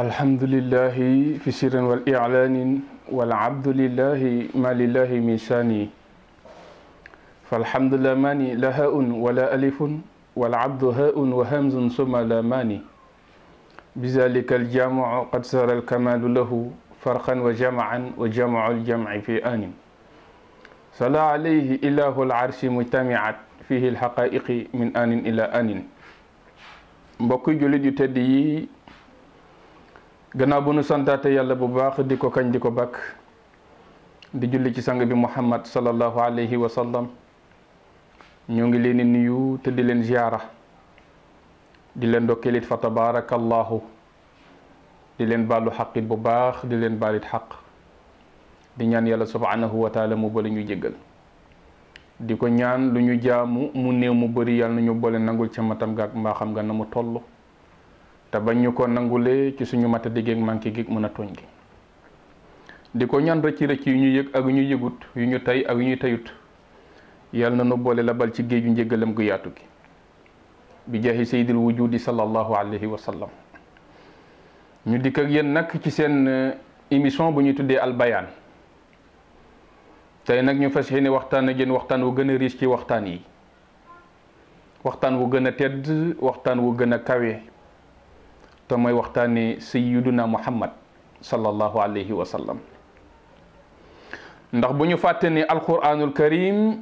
alhamdulillahi fi sirrin wal i'laanin wal abdu lillahi ma lillahi misaani فالحمد لا ماني لا هاء ولا ألف والعبد هاء وهمز ثم لا ماني بذلك الجامع قد سار الكمال له فرقا وجمعا وجمع الجمع في آن صلى عليه إله العرش مجتمعت فيه الحقائق من آن إلى آن mbokk jullit yu tedd yi gannaaw bu nu santaate yàlla bu baax di ko kañ di ko bakk di julli ci sang bi muhammad sallallahu alayhi wa sallam ñoo ngi leen di nuyu te di leen ziyaara di leen dokkeelit fa tabarakallahu di leen baalu xaqit bu baax di leen baalit xaq di ñaan yàlla subhanahu wa taala mu boole ñu jéggal di ko ñaan lu ñu jaamu mu new mu bëri yàlla na ñu boole nangul ca matam ga ak mbaaxam nga na mu toll te bañ ñu ko nangulee ci suñu mata digéeg manqué gi mën a tooñ gi di ko ñan rëcc rëcc yu ñu yëg ak yu ñu yëgut yu ñu tey ak yu ñu tayut yàlla na nu boole bal ci géeju njëgalam guyaatu yaatu gi bi jaahi sayyidil wujudi sallallahu alayhi wa sallam ñu dikk ak yéen nag ci seen eh, émission bu ñuy tuddee albayaan tey nag ñu fas yéene waxtaan ak yéen waxtaan wu gën a riche ci waxtaan yi waxtaan wu gën a tedd waxtaan wu gën a kawe te mooy waxtaane sayyiduna muhammad sallallahu alayhi wa sallam ndax bu ñu fàtte ni alquranul karim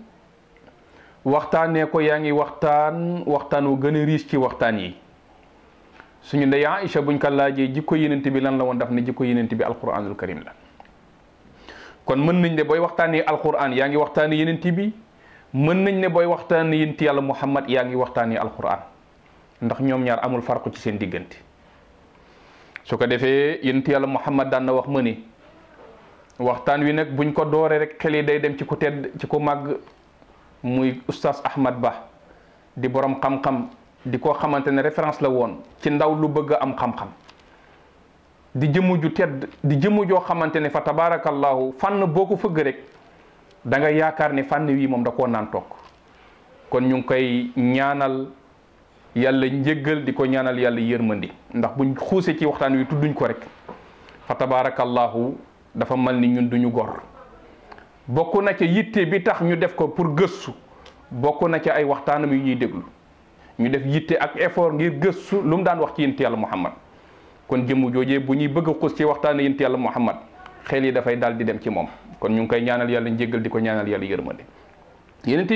waxtaanee ko yaa ngi waxtaan waxtaan wu gën a riche ci waxtaan yi suñu ndey Aïcha buñ ko laajee jikko yenent bi lan la woon daf ne jikko yenent bi alquranul karim la kon mën nañ ne booy waxtaanee alquran yaa ngi waxtaane yenent bi mën nañ ne booy waxtaane yenent yàlla muhammad yaa ngi waxtaane alquran ndax ñoom ñaar amul farqu ci seen diggante su ko defee yonent yàlla Muhammad daan na wax ma ni waxtaan wi nag buñ ko dooree rek xel yi day dem ci ku tedd ci ku màgg muy oustaz Ahmad Ba di boroom xam-xam di ko xamante ne référence la woon ci ndaw lu bëgg a am xam-xam di jëmu ju tedd di jëmu joo xamante ne fa tabaarakallaahu fànn boo ko fëgg rek da yaakaar ne fànn wii moom da koo naan toog kon ñu koy ñaanal. yàlla njëggal di ko ñaanal yàlla yërmandi ndax buñ xuusee ci waxtaan wi tudduñ ko rek fa tabaarakallaahu dafa mel ni ñun duñu gor bokk na ci yitte bi tax ñu def ko pour gëstu bokk na ci ay waxtaanam yu ñuy déglu ñu def yitte ak effort ngir gëstu lu mu daan wax ci yonent yàlla Muhammad kon jëmm joojee bu ñuy bëgg xuus ci waxtaan yonent yàlla Muhammad xel yi dafay dal di dem ci moom kon ñu ngi koy ñaanal yàlla njëggal di ko ñaanal yàlla yërmande yonent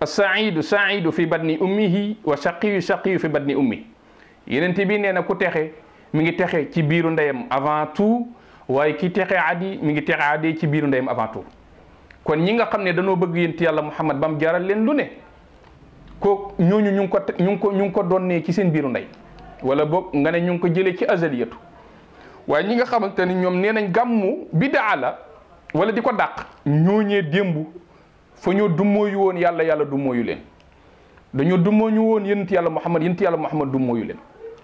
as-saidu saidu fi batni ummihi wa shaqiyu shaqiyu fi batni ummi yeneen bi nee na ku texe mi ngi texe ci biiru ndeyam avant tout waaye ki texe adi mi ngi texe adi ci biiru ndey avant tout kon ñi nga xam ne dañoo bëgg ti yàlla Muhammad ba mu jaral leen lu ne ko ñooñu ñu ngi ko ñu ngi ko ñu ngi ko donnee ci seen biiru ndey wala boog nga ne ñu ngi ko jëlee ci azaliyatu waaye ñi nga xamante ni ñoom nee nañ gàmmu bidaa la wala di ko dàq ñooñee démb foo ñoo dummóoyu woon yàlla yàlla dummóoyu leen dañoo dummóoyu woon yonent yàlla Muhammad yonent yàlla Muhammad dummóoyu leen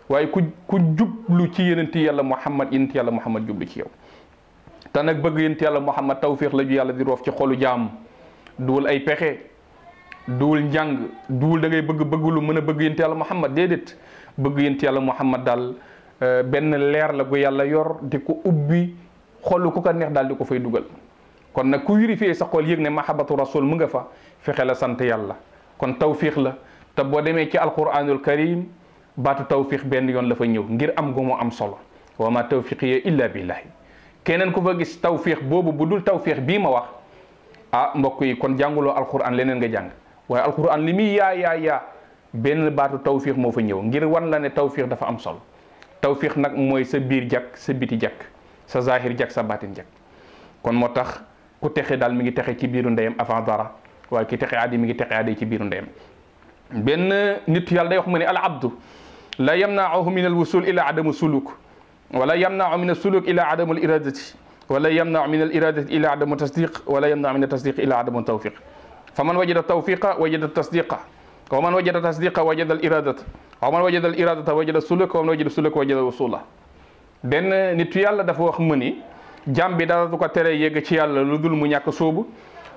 waaye ku ku jublu ci yonent yàlla Muhammad yonent yàlla Muhammad jublu ci yow te nag bëgg yonent yàlla Muhammad tawfiix la ju yàlla di roof ci xolu jaam duwul ay pexe duwul njàng duul da ngay bëgg bëgg lu mën a bëgg yonent yàlla Muhammad déedéet bëgg yonent yàlla Muhammad daal eh, benn leer la gu yàlla yor di ko ubbi xolu ku ko neex daal di ko fay dugal kon nag ku vérifier sa xool yëg ne mahabatu rasul mu nga fa fexe la sant yàlla kon tawfiix la te boo demee ci alquranul karim baatu tawfiix benn yoon la fa ñëw ngir am gu mu am solo wa ma tawfiqiya illa billahi keneen ku fa gis tawfiix boobu bu dul tawfiix bii ma wax ah mbokk yi kon jànguloo alquran leneen nga jàng waaye alquran li muy yaa yaa yaa benn baatu tawfiix moo fa ñëw ngir wan la ne tawfiix dafa am solo tawfiix nag mooy sa biir jàkk sa biti jàkk sa zahir jàkk sa baatin jàkk kon moo tax ku texe daal mi ngi texe ci biiru ndeyam avant dara waaye ki texe aadi mi ngi texe aadi ci biiru ndeyam benn nit yàlla day wax mu ne al abdu la yamnaahu min al wusul ila adamu suluk wala yamnaahu min al suluk ila adamu al iradati wala yamnaahu min al iradati ila adamu tasdiq wala yamnaahu min al tasdiq ila adamu tawfiq fa man wajada tawfiqa wajada tasdiqa wa man wajada tasdiqa wajada al iradata wa man wajada al iradata wajada suluka wa man wajada suluka wajada wusula benn nit yàlla dafa wax mu ni jàm bi dara du ko teree yegg ci yàlla lu dul mu ñàkk sóobu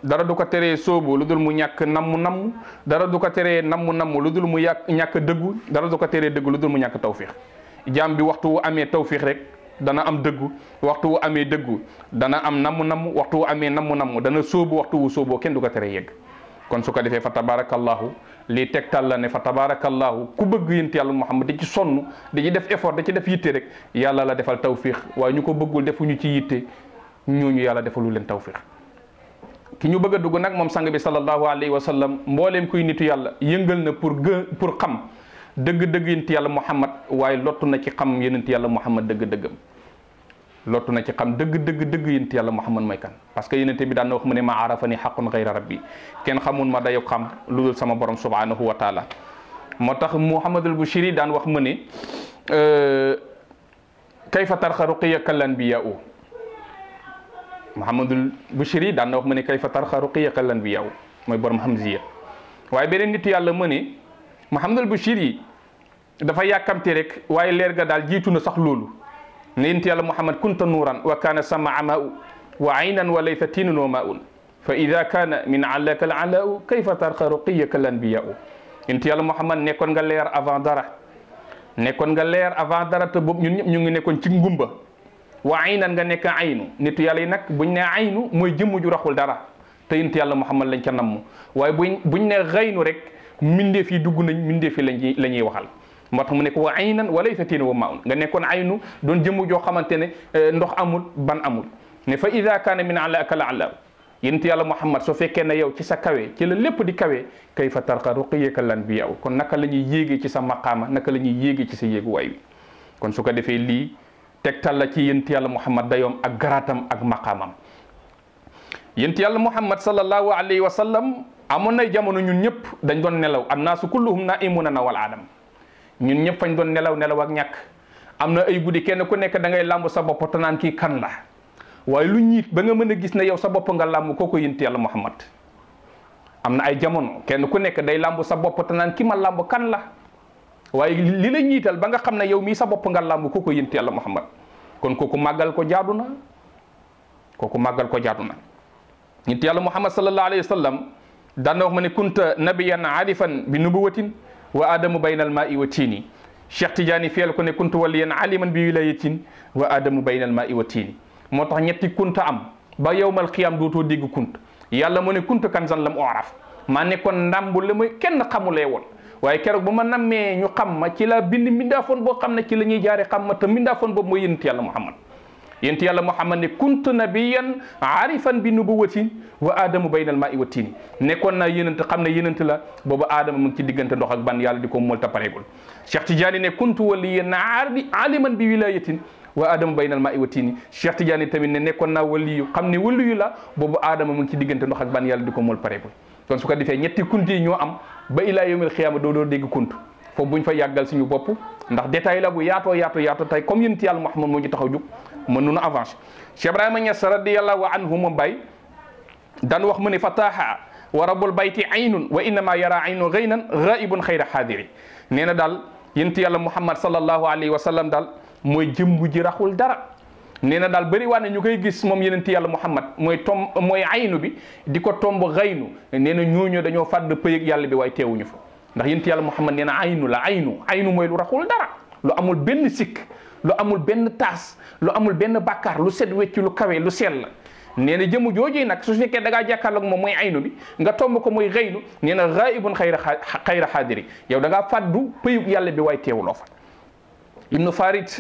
dara du ko teree sóobu lu dul mu ñàkk nammu namm dara du ko teree nammu nammu lu dul mu yàq ñàkk dëggu dara du ko teree dëggu lu mu ñàkk tawfiix jàm bi waxtu wu amee tawfiix rek dana am dëggu waxtu wu amee dëggu dana am namm-namm waxtu wu amee namm-namm dana sóobu waxtu wu sóoboo kenn du ko teree yegg kon su ko defee fa tabarakallahu lii tegtal la ne fa tabarakallahu ku bëgg yént yàlla Muhammad di ci sonn da ci def effort da ci def yitte rek yàlla la defal tawfiix waaye ñu ko bëggul defuñu ci yitte ñooñu yàlla defalu leen tawfiix ki ñu bëgg a dugg nag moom sang bi sallallahu alayhi wa sallam mbooleem kuy nitu yàlla yëngal na pour gë pour xam dëgg-dëgg yént yàlla Muhammad waaye lottu na ci xam yénent yàlla Muhammad dëgg-dëggam lottu na ci xam dëgg dëgg dëgg yonent yàlla Muhammad mooy kan parce que yonent bi daan na wax mu ne ma arafani xaqun xayra rabbi kenn xamul ma dayok xam lu dul sama borom subhanahu wa taala moo tax Muhammadul Bushiri daan wax mu ne euh, kayfa tarxa ruqiyaka al anbiya u Muhammadul Bushiri daan na wax mu ne kayfa tarxa ruqiyaka al anbiya u mooy borom hamziya waaye beneen nit yàlla mu ne Muhammadul yi dafa yàkkamti rek waaye leer ga daal jiitu na sax loolu ne yonent yàlla Muhammad kunta nuuran wa kaana samaa maa'u wa aynan wa laysa tiinun wa maa'un fa ida kaana min alaka al alaau kayfa tarqa ruqiyaka al anbiyaau yonent yàlla Muhammad nekkoon nga leer avant dara nekkoon nga leer avant dara te boobu ñun ñëpp ñu ngi nekkoon ci ngumba wa aynan nga nekk aynu nitu yàlla yi nag buñ ne aynu mooy jëmm ju raxul dara te yonent yàlla Muhammad lañ ca namm waaye buñ buñ ne xaynu rek mbindeef yi dugg nañ mbindeef yi lañ la ñuy waxal moo mu nekk wa aynan wa laysa tiin wa maun nga nekkoon aynu doon jëmm joo xamante ne eh, ndox amul ban amul ne fa ida kaana min ala akala ala yénti yàlla muhammad soo fekkee ne yow ci sa kawe ci la lépp di kawe kay fa tarqa ruqiyaka lan bi yow kon naka la ñuy yéegee ci sa maqaama naka la ñuy yéegee ci sa yéeguwaay wi kon su ko defee lii teg talla ci yénti yàlla muhammad dayoom ak garaatam ak maqaamam yénti yàlla muhammad sallallahu alayhi wa sallam amoon nay jamono ñun ñëpp dañ doon nelaw annaasu kulluhum naimuna na wal aadam ñun ñëpp fañ doon nelaw nelaw ak ñàkk am na ay guddi kenn ku nekk dangay ngay làmb sa bopp te kii kan la waaye lu ñiit ba nga mën a gis ne yow sa bopp nga làmb kooku yonent yàlla Muhammad am na ay jamono kenn ku nekk day làmb sa bopp ma làmb kan la waaye li la ñiital ba nga xam ne yow mii sa bopp nga làmb kooku yonent yàlla Muhammad kon kooku màggal ko jaadu na kooku màggal ko jaadu na yonent yàlla Muhammad sallallahu alayhi wa sallam daan na wax ma ne nabiyan arifan bi nubuwatin wa adamu baynal maa'i wa tiini Cheikh Tidiane fiyal ko ne kuntu waliyan aliman bi wilayatin wa adamu baynal maa'i wa tiini moo tax ñetti kunta am ba yowmal qiyaam dootoo dégg kunt yàlla moo ne kuntu kanzan lam oraf maa ne nekkoon ndàmbu la muy kenn xamulee woon waaye keroog ba ma nammee ñu xam ma ci la bind mbindaafoon boo xam ne ci la ñuy jaare xam ma te mbindaafoon boobu mooy yënt yàlla Muhammad yent yàlla muhammad ne kuntu nabiyan arifan bi nubuwatin wa aadamu baynal maa'i wa tiini nekkoon naa yénant xam ne yénant la boobu aadama mu ngi ci diggante ndox ban yàlla di ko mool ta pareegul Cheikh Tidiane ne kuntu waliyan ardi aliman bi wilayatin wa aadama baynal maa'i wa tiini Cheikh Tidiane tamit ne nekkoon naa waliyu xam ne waliyu la boobu aadama mu ngi ci diggante ndox ak ban yàlla di ko mool pare kon su ko defee ñetti kunti yi ñoo am ba ilaa yawmil xiyaama doo dégg kuntu ko buñ fa yàggal suñu bopp ndax détail la bu yaatoo yaatu yaatu tey comme yonent yàlla Muhammad moo ñu taxaw jug mën nunu avancé Cheikh Ibrahima Niass radiyallahu anhu ma bay dan wax mu ne fataha wa rabbul bayti aynun wa innama yara aynu gaynan ghaibun xayra xaadiri nee na daal yonent yàlla Muhammad sallallahu alayhi wa sallam daal mooy jëmbu ji raxul dara nee na daal bari waa ne ñu koy gis moom ti yàlla muhammad mooy tomb mooy aynu bi di ko tomb xaynu nee na ñooñu dañoo fàdd pëyëg yàlla bi waaye teewuñu fa ndax yént yàlla Muhammad nee na aynu la aynu aynu mooy lu raxul dara lu amul benn sikk lu amul benn taas lu amul benn bàkkaar lu set wecc lu kawe lu sell nee na jëmu jooju nag su fekkee da ngaa jàkkaarloog moom mooy aynu bi nga tomb ko muy xaylu nee na xaayibun xayra xayra xaadiri yow da ngaa fàddu pëyub yàlla bi waay teewuloo fa ibnu farid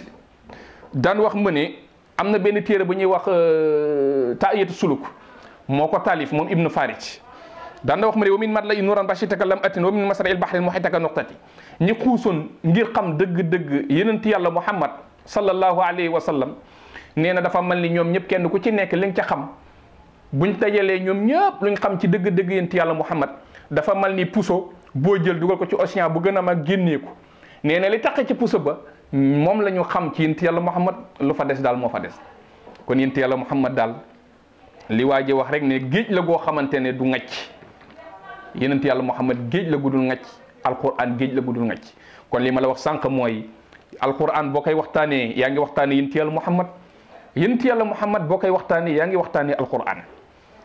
daan wax mu ne am na benn téere bu ñuy wax euh, taayatu suluk moo ko taalif moom ibnu farid daan na wax mu ne wa min mat la i nuuran bashitaka lam atin wa min masra il baxrin muxitaka nuqtati ñi xuusoon ngir xam dëgg-dëgg yenent yàlla muhammad sallallahu alayhi wa sallam nee na dafa mel ni ñoom ñëpp kenn ku ci nekk li nga ca xam buñ tajalee ñoom ñëpp luñ xam ci dëgg-dëgg yenent yàlla muhammad dafa mel ni puso boo jël dugal ko ci océan bu gën a mag génnee ko li taqe ci puso ba moom la ñu xam ci yenent yàlla muhammad lu fa des daal moo fa des kon yenent yàlla muhammad daal li waa ji wax rek ne géej la goo xamante ne du ngacc yenent yàlla Muhammad géej la guddul ngacc alquran géej la guddul ngacc kon lii ma la wax sànq mooy alquran boo koy waxtaanee yaa ngi waxtaanee yenent yàlla Muhammad yenent yàlla Muhammad boo koy waxtaanee yaa ngi waxtaanee alquran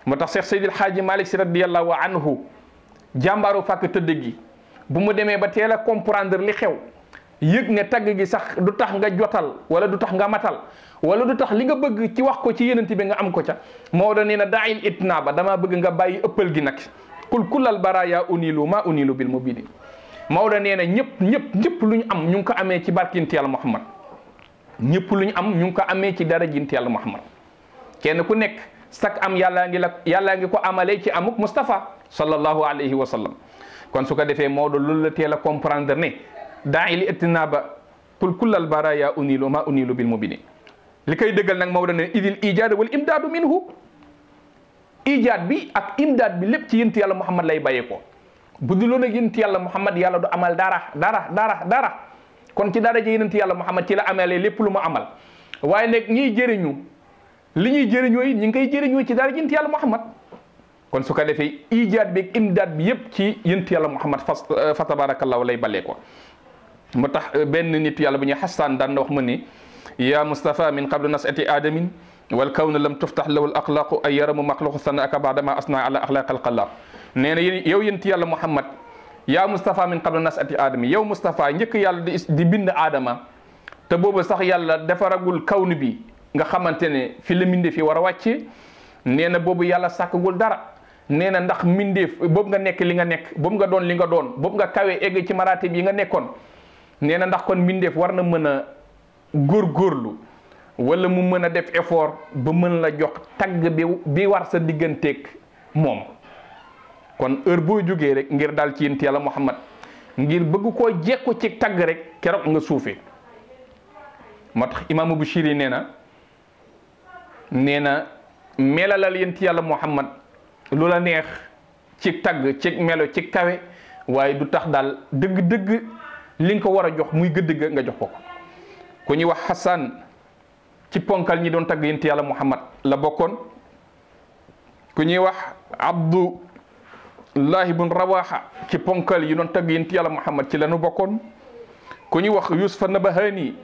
moo tax Cheikh Seydil Xaaji Malick si radiyallahu anhu jàmbaaru fàkk tëdd gi bu mu demee ba teel a comprendre li xew yëg ne tagg gi sax du tax nga jotal wala du tax nga matal wala du tax li nga bëgg ci wax ko ci yenent bi nga am ko ca Maodo nee na daayil itnaa ba damaa bëgg nga bàyyi ëppal gi nag qul kullal baraya unilu ma unilu bil mubinin Maodo nee na ñëpp ñëpp ñëpp lu ñu am ñu ngi ko amee ci barkint yàlla Muhammad ñëpp lu ñu am ñu ngi ko amee ci dara jint yàlla Muhammad kenn ku nekk sak am yàllaa ngi la yàllaa ngi ko amalee ci amuk Mustafa sallallahu alayhi wa sallam kon su ko defee Maodo loolu la teel a comprendre ne daa ili ittinaba qul kullal baraya unilu ma unilu bil mubinin li koy dëggal nag Maodo ne idil ijaad wal imdaadu minhu ijaat bi ak imdaat bi lépp ci yent yàlla muhammad lay bàyyee ko bu loo ak yent yàlla muhammad yàlla du amal dara dara dara dara kon ci dara ji yent yàlla muhammad ci la amalee lépp lu ma amal waaye nag ñiy jëriñu li ñuy jëriñoo it ñu ngi koy jëriñoo ci dara ji yent yàlla muhammad kon su ko defee ijaat bi ak imdaat bi yépp ci yent yàlla muhammad fa fa tabarakallahu lay bàyyee ko moo tax benn nit yàlla bu ñuy xasaan daan na wax mu ni yaa Mustafa min qablu nasati aadamin wal kawnu lam tuftax lawul axlaqu ay yaramu maxluqu sann aka baadama asna ala axlaq alxalaq nee na yow yent yàlla muhammad yaa moustapha min qabla nasati aadama yow moustapha njëkk yàlla di bind aadama te boobu sax yàlla defaragul kawnu bi nga xamante ne fi la mbindee fi war a wàcce nee na boobu yàlla sàkkagul dara nee na ndax mbindeef boobu nga nekk li nga nekk boobu nga doon li nga doon boobu nga kawee egg ci maraate bi nga nekkoon nee na ndax kon mbindeef war na mën a góorgóorlu wala mu mën a def effort ba mën la jox tagg bi bi war sa digganteeg moom kon heure boo jógee rek ngir dal ci yéen yàlla Muhammad ngir bëgg koo ko ci tagg rek keroog nga suufee moo tax imaamu Bushiri nee na nee na melalal yéen yàlla Muhammad lu la neex ci tagg ci melo ci kawe waaye du tax daal dëgg-dëgg li nga ko war a jox muy gëdd ga nga jox ko ko ku ñuy wax Hassan. ci ponkal ñi doon tagg yonent yàlla muhammad la bokkoon ku ñuy wax abdullahi bun rawaxa ci ponkal yi doon tagg yonent yàlla muhammad ci lañu bokkoon ku ñuy wax yusufa nabahani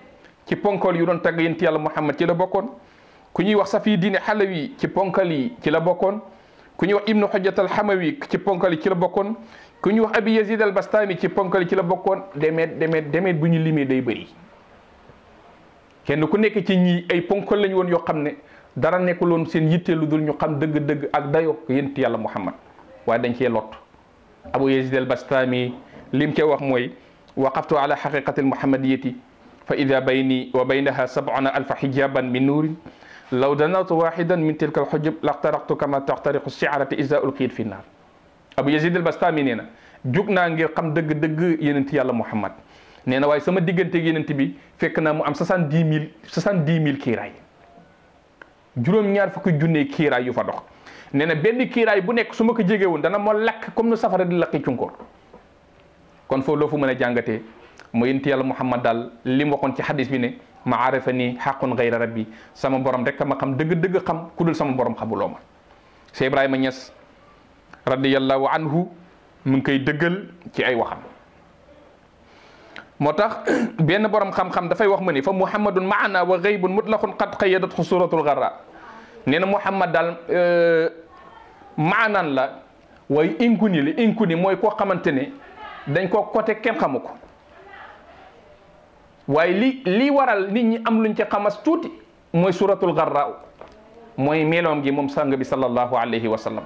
ci ponkal yu doon tagg yonent yàlla muhammad ci la bokkoon ku ñuy wax safi diine xalawi ci ponkal yi ci la bokkoon ku ñuy wax ibnu xojjat alxamawi ci ponkal yi ci la bokkoon ku ñuy wax abi yazid albastami ci ponkal yi ci la bokkoon demeet demeet demeet bu ñu limee day bëri kenn ku nekk ci ñii ay ponkol lañ woon yoo xam ne dara nekkuloon seen yitte lu dul ñu xam dëgg-dëgg ak dayoo yent yàlla muhammad waaye dañ cee lot abu yazid al bastami lim ca wax mooy waqaftu ala xaqiqati almuhammadiyati fa ida bayni wa baynaha sabuna alfa hijaban min nuurin law danatu waxidan min tilka alxujub laxtaraqtu kama taxtariqu siarati isa ulqiyat fi naar abu yazid al bastami nee na jug naa ngir xam dëgg-dëgg yenent yàlla muhammad nee na waaye sama digganteeg yenent bi fekk na mu am soixante di mille soixante di mille kiiraay juróom-ñaar fukki junne kiiraay yu fa dox nee na benn kiiraay bu nekk su ma ko jege woon dana ma lakk comme nu safara di lakki cunkoor kon foofu loo fu mën a jàngatee mu yent yàlla Muhammad daal li mu ci xadis bi ne ma arafa nii xaqun gayra rabbi sama borom rek ma xam dëgg-dëgg xam ku dul sama borom xamuloo ma Cheikh Ibrahima Niass radiyallahu anhu mu ngi koy dëggal ci ay waxam moo tax benn borom xam-xam dafay wax mu ni fa muhammadun maana wa gaybun mutlaqun qad qayadat ko suratul garra nee na muhammad daal euh, maanaan la waaye inkuni li inkuni mooy koo xamante ne dañ koo côté ken xamu ko waaye li lii waral nit ñi am luñ ci xamas tuuti mooy suratul garra mooy meloom gi moom sang bi sallallahu alayhi wa sallam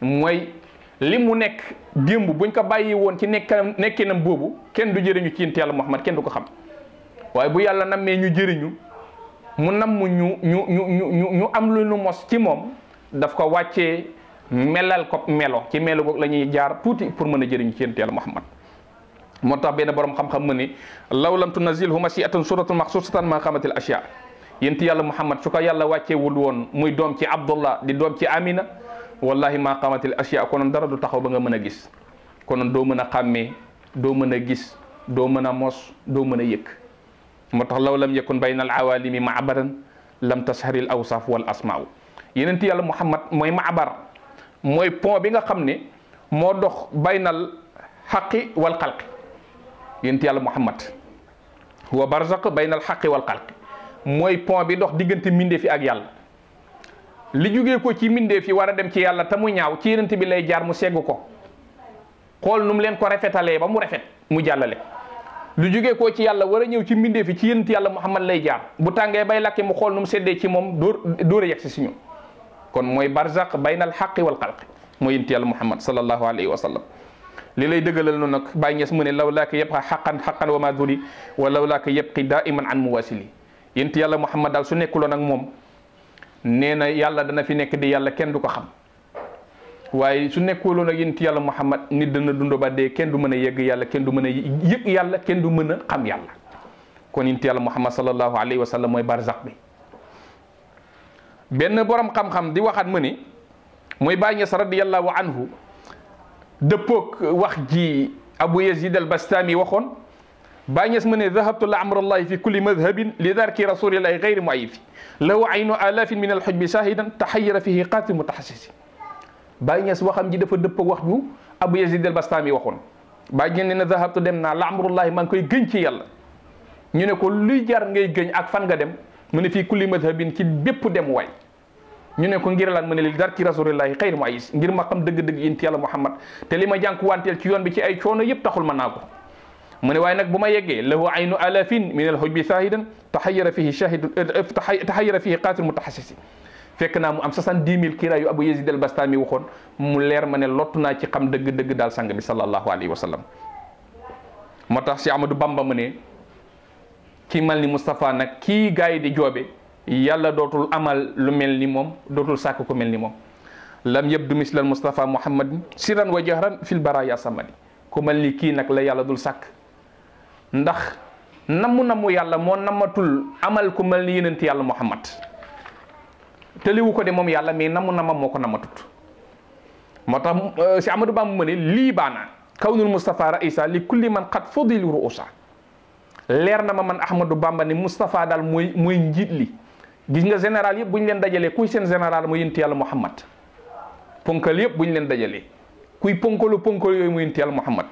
mooy li mu nekk démb buñ ko bàyyi woon ci nekkanam nam boobu kenn du jëriñu ci yonent yàlla Muhammad kenn du ko xam waaye bu yàlla nam nammee ñu jëriñu mu namm ñu ñu ñu ñu ñu am lu nu mos ci moom daf ko wàccee melal ko melo ci melo goog la ñuy jaar tuuti pour mën a jëriñu ci yonent yàlla Muhammad moo tax benn borom xam-xam mu ni law lam tunazilhu masiatan suratun maxsusatan ma xamatil ashya yonent yàlla Muhammad su ko yàlla wàccee wul woon muy doom ci Abdullah di doom ci Amina. wallahi maa qamatil asiya konoon dara du taxaw ba nga mën a gis konoon doo mën a xàmmee doo mën a gis doo mën a mos doo mën a yëkk moo tax law lam yakun bayna al awalimi maabaran lam tasharil awsaf wal asmaaw yeneen ti yàlla muhammad mooy ma maabar mooy pont bi nga xam ne moo dox baynal xaqi wal xalqi yeneen ti yàlla muhammad wa barzaq baynal xaqi wal xalqi mooy pont bi dox diggante mbindee fi ak yàlla li jugee ko ci mbindeef yi war a dem ci yàlla te mu ñaaw ci yonent bi lay jaar mu segg ko xool nu mu leen ko rafetalee ba mu rafet mu jàllale lu jugee ko ci yàlla wara ñëw ci mbindeef fi ci yonent yàlla Muhammad lay jaar bu tàngee bay lakki mu xool nu mu seddee ci moom dóor dóor a si si ñun kon mooy barzaq baynal xaqi wal xalqi mooy yonent yàlla Muhammad sallallahu alayhi wa sallam li lay dëggalal noonu nag Baay Ñas mu ne law laaka yëpp xaqan xaqan wa ma duli wa law laaka yëpp ki daa iman an muwasili yonent yàlla Muhammad daal su nekkuloon ak moom nee na yàlla dana fi nekk di yàlla kenn du ko xam waaye su nekkooloon ak yonent yàlla Muhammad nit dana dund ba dee kenn du mën a yegg yàlla kenn du mën a yëg yàlla kenn du mën a xam yàlla kon yonent yàlla Muhammad sallallahu alayhi wa sallam mooy barzak bi benn borom xam-xam di waxaat ma ni mooy Baay Ñas radiyallahu anhu dëppook wax ji Abu Yazid al-Bastami waxoon. Baay Ñas mu ne dahabtu la amrallahi fi kulli madhabin li darki rasulillahi gayri muayifi lahu aynu alafin min alxujbi shahidan taxayara fihi qatil mutaxassisi Baay Ñas waxam ji dafa dëpp wax ju Abu Yazid al Bastami waxoon Baay Ñas ne na dahabtu dem naa la amrullahi maa ngi koy gëñ ci yàlla ñu ne ko luy jar ngay gëñ ak fan nga dem mu ne fii kulli madhabin ci bépp dem waay ñu ne ko ngir lan mu ne li darki rasulillahi xayri muayis ngir ma xam dëgg-dëgg yéen yàlla Muhammad te li ma jànkuwanteel ci yoon bi ci ay coono yëpp taxul ma naa mu ne waaye nag bu ma yeggee lahu aynu alafin min alhujbi shahidan taxayara fihi shahid taxayara fihi qatil mutaxassisi fekk naa mu am soixante-dix mille kiira yu abu yazid al bastami waxoon mu leer ma ne lottu naa ci xam dëgg-dëgg daal sangami bi sallallahu alayhi wa sallam moo tax si Amadou Bamba mu ki mal ni Moustapha nag kii gars yi di joobe yàlla dootul amal lu mel ni moom dootul sàkk ku mel ni moom lam yabdu mislal Moustapha Muhammadin siran wa jahran fil baraya samadi ku mel ni kii nag la yàlla sàkk ndax namu namu yàlla moo namatul amal ku mel ni yonent yàlla Muhammad tëliwu ko de moom yàlla mii namu nama moo ko namatut moo tax si euh, Amadou Bamba mu ne lii baana kawnul Moustapha raisa li kulli man xat fodil ruusa leer na ma man Ahmadou Bamba ni Moustapha daal mooy mooy njiit li gis nga général yëpp bu ñu leen dajalee kuy seen général mooy yonent yàlla Muhammad ponkal yëpp leen dajalee kuy ponkalu ponkal yooyu mooy yonent yàlla Muhammad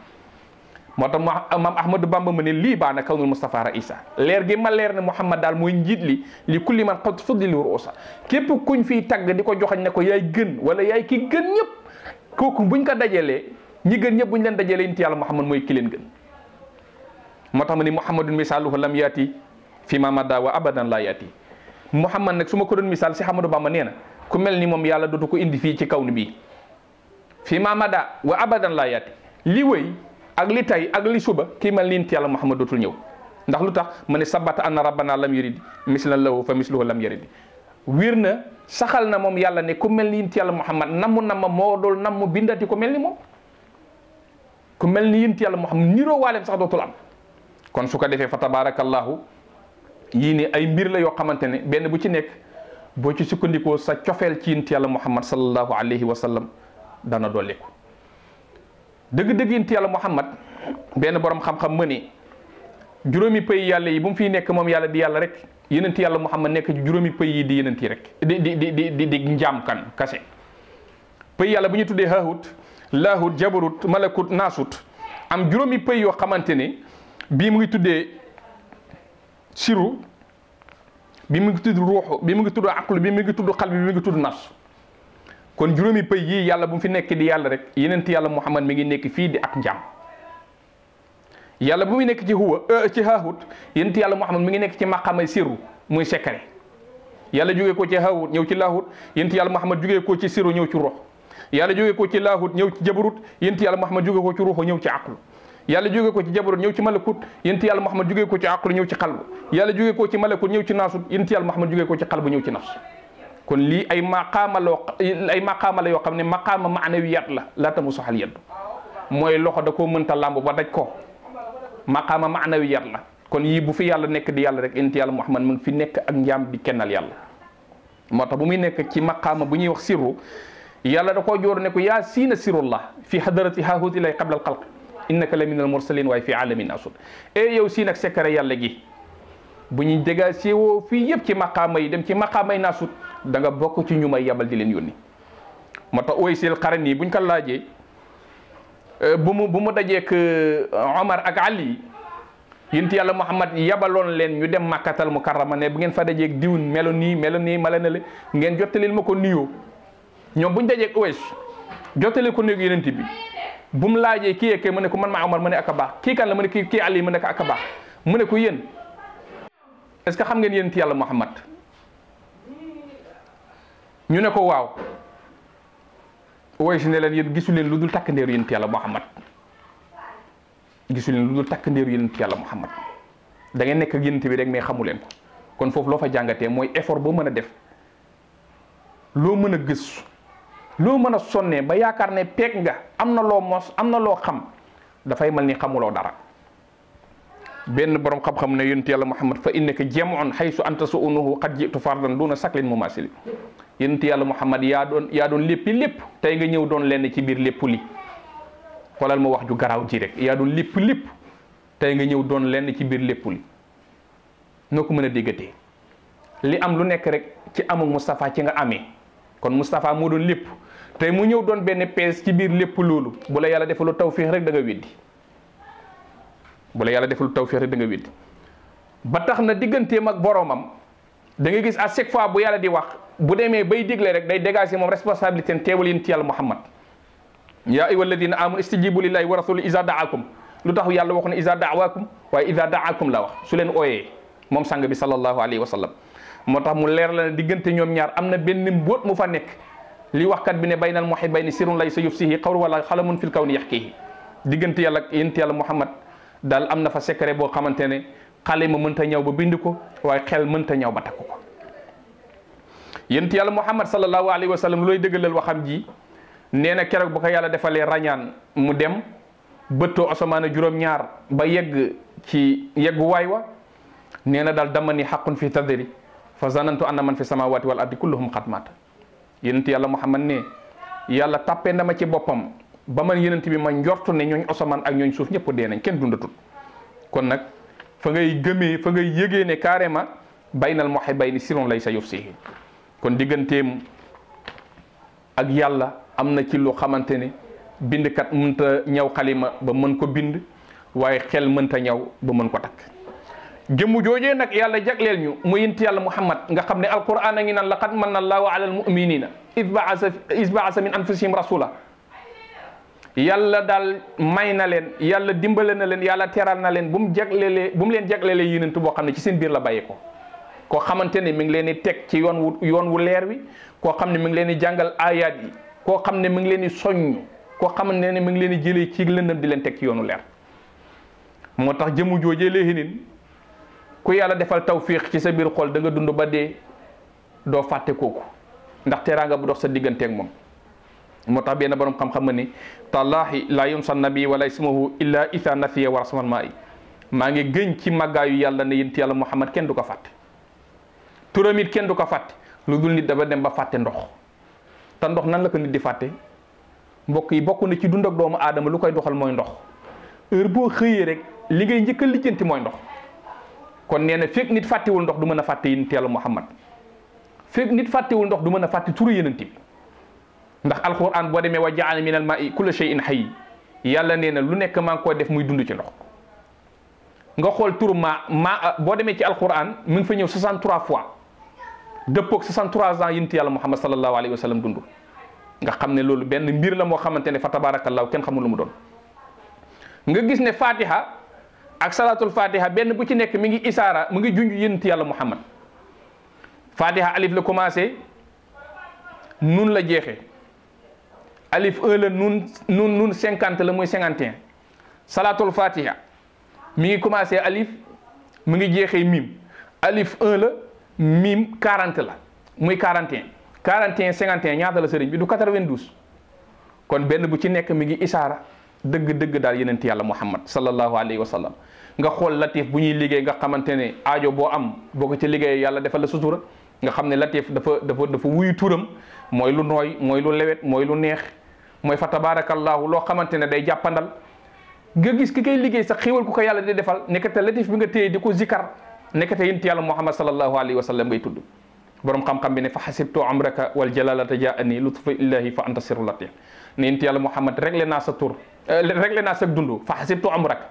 moo tax maam ahmadou bamba mu ne lii baa na kawnul moustapha raïsa leer gi ma leer ne mouhamad daal mooy njiit li li kulli man xat fudli ruusa képp kuñ fiy tagg di ko joxañ ne ko yaay gën wala yaay ki gën ñëpp kooku buñ ko dajale ñi gën ñëpp buñ leen dajalee inti yàlla muhammad mooy ki leen gën moo tax ma ni mouhamadun misaaluhu lam yaati fi ma mada wa abadan laa yaati mouhamad nag su ma ko doon misaal si ahmadou bamba nee na ku mel ni moom yàlla dootu ko indi ci kaw ni bii fi ma mada wa ak li tay ak li suba kii mel nii yàlla Muhammad dootul ñëw ndax lu tax ma ne sabata anna rabbana lam yurid mislan la fa misluhu lam yurid wiir na saxal na moom yàlla ne ku mel ni yàlla Muhammad namu nama moo dool namu bindati ko mel ni moom mel ni yonent yàlla Muhammad niroo waaleem sax dootul am kon su ko defee fa tabarakallahu yii ni ay mbir la yoo xamante ne benn bu ci nekk boo ci sukkandikoo sa cofeel ci yonent yàlla Muhammad sallallahu alayhi wa sallam dana dolliku dëgg-dëgg yonent yàlla Muhammad benn borom xam-xam ma ni juróomi pays yàlla yi bu mu fiy nekk moom yàlla di yàlla rek yonent yàlla Muhammad nekk juróomi pëy yi di yonent yi rek di di di di di njaam kan kase pays yàlla bu ñu tuddee haahut laahut jabarut malakut naasut am juróomi pays yoo xamante ne bii mu ngi tuddee siru bi mu ngi tudd ruuxu bi mu ngi tudd aqlu bi mu ngi tudd xal bi mu ngi tudd nafs kon juróomi pëy yii yàlla bu mu fi nekk di yàlla rek yenent yàlla muhammad mi ngi nekk fii di ak njaam yàlla bu muy nekk ci huwa euh, ci haahut yenent yàlla muhammad mi ngi nekk ci maqamay sirru muy sekkare yàlla jógee ko ci haahut ñëw ci laahut yenent yàlla muhammad jógee ko ci sirru ñëw ci ruux yàlla jógee ko ci laahut ñëw ci jabarut yenent yàlla muhammad jógee ko ci ruuxu ñëw ci aqlu yàlla jógee ko ci jabarut ñëw ci malakut yent yàlla muhammad jógee ko ci aqlu ñëw ci xalbu yàlla jógee ko ci malakut ñëw ci naasut yent yàlla muhammad jógee ko ci xalbu ñëw ci nafs kon lii ay maqaama loo la yoo xam ne maqaama maanawiyaat la laa tamu soxal yeddu mooy loxo da koo mënta làmb ba daj ko maqaama maanawiyaat la kon yii bu fi yàlla nekk di yàlla rek inti yàlla muhammad mu ngi fi nekk ak njaam bi kennal yàlla moo tax bu muy nekk ci maqaama bu ñuy wax sirru yàlla da koo joor nekk ko yaa siina sirullah fi hadarati haahuti lay qabla al xalq innaka la min al mursalin waaye fi alamin asud e yow siin ak sekare yàlla gi bu ñuy déga siwoo fii yëpp ci maqaama yi dem ci maqaama yi da nga bokk ci ñu may yabal di leen yónni moo tax Uwaysil Qarni buñ ka laajee euh, bu mu bu mu dajeek euh, Omar ak Ali yonent yàlla Muhammad yabaloon leen ñu dem Makkatal Mukarrama ne bu ngeen fa dajeeg diwun melo nii melo nii mala na le ngeen jottalil ma ko nuyoo ñoom buñ dajeeg Uways jottalil ko nuyoo yonent bi bu mu laajee kii yekkee mu ne ko man maa Omar mu ne ak a baax kii kan la mu ne kii kii Ali mu ne ko ak baax mu ne ko yéen est-ce que xam ngeen yonent yàlla Muhammad ñu ne ko waaw woy si ne leen yéen gisu lu dul takk ndeeru yonent yàlla Muhammad gisu leen lu dul takk ndeeru yonent yàlla Muhammad da ngeen nekk ak yonent bi rek mais xamu leen ko kon foofu loo fa jàngatee mooy effort boo mën a def loo mën a gëstu loo mën a sonnee ba yaakaar ne peeg nga am na loo mos am na loo xam dafay mel ni xamuloo dara benn borom xam-xam ne yonent yàlla Muhammad fa innaka jam'un haythu anta su'unuhu qad ji'tu fardan duna saklin mumasil yonent yàlla muhammad yaa doon yaa doon léppi lépp tey nga ñëw doon lenn ci biir lépp li xoolal ma wax ju garaaw ji rek yaa doon lépp lépp tey nga ñëw doon lenn ci biir lépp li noo ko mën a déggatee li am lu nekk rek ci amul Moustapha ci nga amee kon Moustapha moo doon lépp tey mu ñëw doon benn pees ci biir lépp loolu bu la yàlla defalu tawféex rek danga nga weddi bu la yàlla defalu tawféex rek da weddi ba tax na digganteem ak boromam da gis à fois bu yàlla di wax bu demee bay digle rek day dégager moom responsabilité am teewal yéen ci yàlla Muhammad yaa ayyuha alladina amanu istajibu lillahi wa rasuli isa daakum lu tax yàlla waxu ne isa daawakum waaye isa daakum la wax su leen ooyee moom sàng bi sallallahu alayhi wa sallam moo tax mu leer la diggante ñoom ñaar am na benn mbóot mu fa nekk li wax kat bi ne baynal muhibbayni sirrun laysa yufsihi xawru wala xalamun fil kawni yaxkihi diggante yàlla yént yàlla Muhammad daal am na fa secret boo xamante ne xale ma mënta ñëw ba bind ko waaye xel mënta ñëw ba takku yent yàlla muhammad sallallahu alayhi wa sallam looy dëggalal waxam ji nee na keroog bu ko yàlla defalee rañaan mu dem bëttoo asamaan juróom-ñaar ba yegg ci yeggu waay wa nee na daal dama ni xaqun fi tadri fa am na man fi samawati wal ardi kulluhum xat maata yonent yàlla muhammad ne yàlla tàppee na ma ci boppam ba man yonent bi ma njortu ne ñooñ asamaan ak ñooñ suuf ñëpp dee nañ kenn dundatul kon nag fa ngay gëmee fa ngay yëgee ne carrément baynal muhibbay ni sirun lay sa yuf kon digganteem ak yàlla am na ci lu xamante ne bindkat mënta ñaw xalima ba mën ko bind waaye xel mënta ñaw ba mën ko takk jëmmu joojee nag yàlla jagleel ñu mu yint yàlla muhammad nga xam ne alquran a ngi naan laqad manna allahu ala almuminina is baasa min anfusihim rasula yàlla daal may na leen yàlla dimbale na leen yàlla teral na leen bu mu jaglelee bu mu leen jaglelee yonent boo xam ne ci seen biir la bàyyi ko koo xamante ni mi ngi leen di teg ci yoon wu yoon wu leer wi koo xam ne mi ngi leen di jàngal ayaat yi koo xam ne mi ngi leen di soññ koo xamante ne mi ngi leen di jëlee ci lëndam di leen teg ci yoonu leer moo tax jëmu joojee léegi nin ku yàlla defal tawfiix ci sa biir xool danga dund ba dee doo fàtte kooku ndax teraanga bu dox sa digganteek moom moo tax benn borom xam-xam nga ni tallaahi laa yunsa nabi wala ismuhu illa isa nasiya wa rasman maa yi maa ngi gëñ ci màggaayu yàlla ne yént yàlla muhammad kenn du ko fàtte turam it kenn du ko fàtte lu dul nit dafa dem ba fàtte ndox te ndox nan la ko nit di fàtte mbokk yi bokk na ci dund ak doomu aadama lu koy doxal mooy ndox heure boo xëyee rek li ngay njëkk a lijjanti mooy ndox kon nee na fekk nit fàttewul ndox du mën a fàtte yin teelu Muhammad fekk nit fàttewul ndox du mën a fàtte turu yenant bi ndax alquran boo demee wa jaala min al maai kulla shay'in hayy yàlla nee na lu nekk maa ngi koy def muy dund ci ndox nga xool turu ma ma boo demee ci alquran mu fa ñëw 63 fois dëppoog 63 ans yonent yàlla Muhammad sallallahu alayhi wa sallam dund nga xam ne loolu benn mbir la moo xamante ne fa tabaarakallaahu kenn xamul lu mu doon nga gis ne fatiha ak salatul fatiha benn bu ci nekk mu ngi isaara mu ngi junj yonent yàlla Muhammad fatiha alif la commencé nun la jeexee alif 1 la nun nun la mooy 51 salatul fatiha mi ngi commencé alif mu ngi jeexee mim alif 1 la. mim 40 la muy 41 41 51 ñaata la sëriñ bi du 92 kon benn bu ci nekk mi ngi isaara dëgg-dëgg daal yenent yàlla muhammad sallallahu alayhi wa sallam nga xool latif bu ñuy liggéey nga xamante ne aajo boo am boo ko ci liggéey yàlla defal la sutura nga xam ne latif dafa dafa dafa wuyu turam mooy lu nooy mooy lu lewet mooy lu neex mooy fa tabaarakallaahu loo xamante ne day jàppandal nga gis ki koy liggéey sax xéwal ku ko yàlla di defal nekkate latif bi nga téye di ko zikar nekkate yonent yàlla muhammad sallallahu alayhi wa sallam ngay tudd borom xam-xam bi ne fa xasibtu amraka wal jalalata jaani lutfu illahi fa anta siru latif ne yonent yàlla muhammad réglé naa sa tur euh, réglé naa sa dund fa xasibtu amraka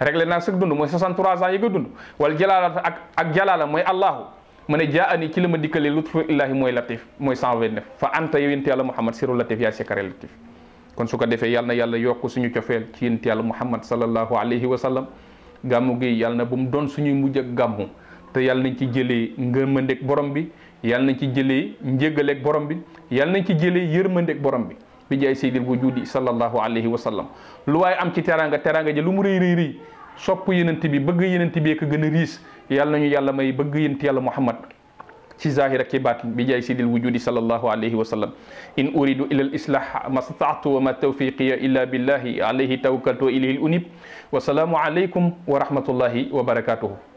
réglé naa sa dund mooy 63 ans yi nga dund wal jalalata ak ak jalala mooy allahu mu ne jaani ci la ma dikkalee lutfu illahi mooy latif mooy 129 fa anta yow yonent yàlla muhammad siru latif yaa sikare latif kon su ko defee yàlla na yàlla yokk suñu cofeel ci yonent yàlla muhammad sallallahu alayhi wa sallam gàmmu gi yàlla na bu mu doon suñuy mujj ak gàmmu te yàlla nañ ci jëlee ngërmandeeg borom bi yàlla nañ ci jëlee njégaleeg borom bi yàlla nañ ci jëlee yërmandeeg borom bi bi jaay seydil wujudi sallallahu alayhi wa sallam lu waaye am ci teraanga teraanga ji lu mu rëy rëy rëy sopp yenent bi bëgg yenent bi ak gën a riis na ñu yàlla may bëgg yent yàlla muhammad ci zahir ak ci baatin bi jaay sidil wujudi sallallahu alayhi wa sallam in uridu ila al islah ma stataatu wa ma tawfiqiya illa billahi alayhi tawakkaltu wa ilayhi unib wa salaamu alaykum wa rahmatullahi wa barakatuhu